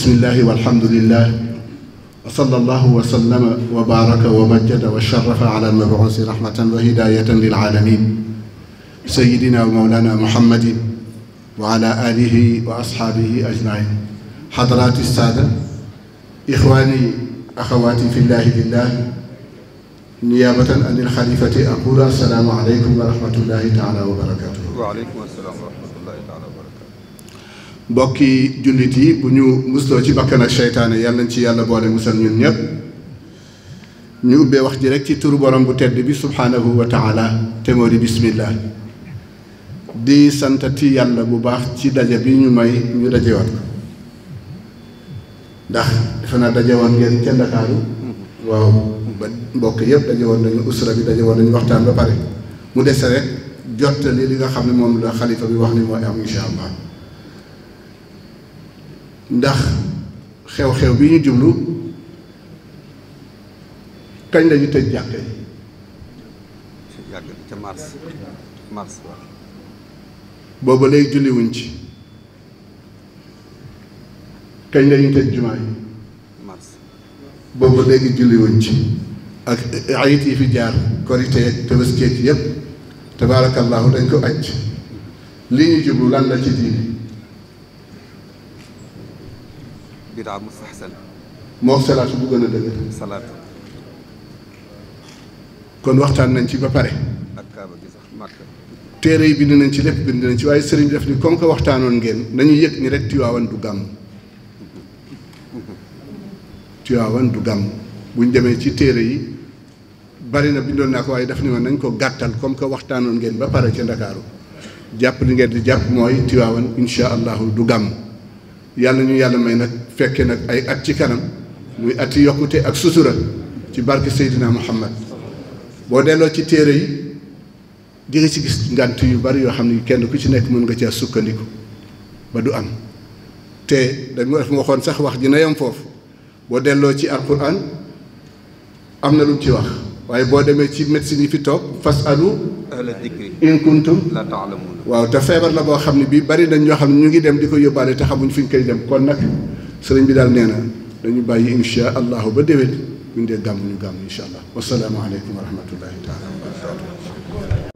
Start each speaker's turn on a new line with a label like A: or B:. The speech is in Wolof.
A: bismillahi walhamdulillah wa sallallahu wa sallama wa baaraka wa majjada wa sharafa ala almabuusi rahmatan wa hidayatan lil alamin sayidina wa mawlana muhammadin wa ala alihi wa ashaabihi ajmain xadaraati saada ixwaani axawaati fillahi billah niyaabatan anil xalifati aqulu assalaamu aleykum wa rahmatullahi taala wa barakatuh wa aleykum assalaam wa rahmatullahi taala wa barakatuh mbokki jullit yi bu ñu musloo ci bakkan ak seytaane yàlla nañ ci yàlla boole musal ñun ñëpp ñu ubbee wax ji rek ci turu borom bu tedd bi subhaanahu wa taala te moo di bismillah di santati bu baax ci daje bi ñu may daje woon defe naa daje woon ngeen ca waaw ba mbokk yëpp daje woon nañu usra bi daje woon nañu waxtaan ba pare mu dese rek jottali li nga xam ne moom la xalifa bi wax ni mooy am incha allah ndax xew-xew bi ñu jublu kañ la tëj jàkka yi yàgg ca mars ci kañ la ñu tëj jumaa yi mars booba wuñ ci ak ayit yi fi jaar korité tabaski yépp tabaarakallaahu dañ ko aj li ñu jublu lan la ci diine bidaa mustaxsan moo salaatu bu gën a dëgër kon waxtaan nañ ci ba pare ak kaaba gi sax màkk téere yi bind nañ ci lépp bind nañ ci waaye sëriñ bi def ni comme que waxtaanoon ngeen nañu yëg ñi rek Tiwaawan du gàmm Tiwaawan du gàmm buñ demee ci téere yi bari na bindoon naa ko waaye daf ni ma nañ ko gàttal comme que waxtaanoon ngeen ba pare ca Ndakaaru jàpp li ngeen di jàpp mooy Tiwaawan incha allahu du gàmm yàlla ñu yàlla may nag fekke nag ay at ci kanam muy ati yokkute ak susura ci barke Seydina Muhammad boo delloo ci téere yi di nga ci gis ngànt yu bari yoo xam ne kenn ku ci nekk mën nga cee sukkandiku ba du am te dañ def waxoon sax wax dina yam foofu boo delloo ci alquran am na lu mu ci wax waaye boo demee ci médecine yi fi toog fas alu in kuntum la taalamun waaw te feebar la boo xam ne bii bari nañ ñoo xam ne ñu ngi dem di ko yóbbaale te xamuñ fi ñu koy dem kon nag sëriñ bi daal nee na dañu bàyyi insha allahu ba déwén ñu dee gàmm ñu gàmm insha allah wasalaamu aleykum wa rahmatullahi taala wa barakatuh